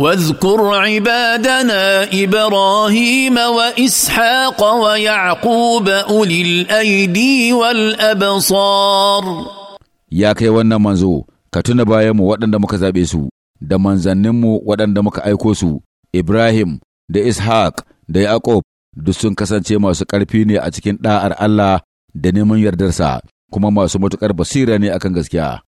واذكر عبادنا ابراهيم واسحاق ويعقوب اولي الايدي والابصار Ya kai wannan manzo ka tuna bayanmu waɗanda muka zaɓe su da manzanninmu waɗanda muka aiko su ibrahim da ishaq da yaqub duk sun kasance masu ƙarfi ne a cikin ɗa'ar allah da neman yardarsa kuma masu matuƙar basira ne akan gaskiya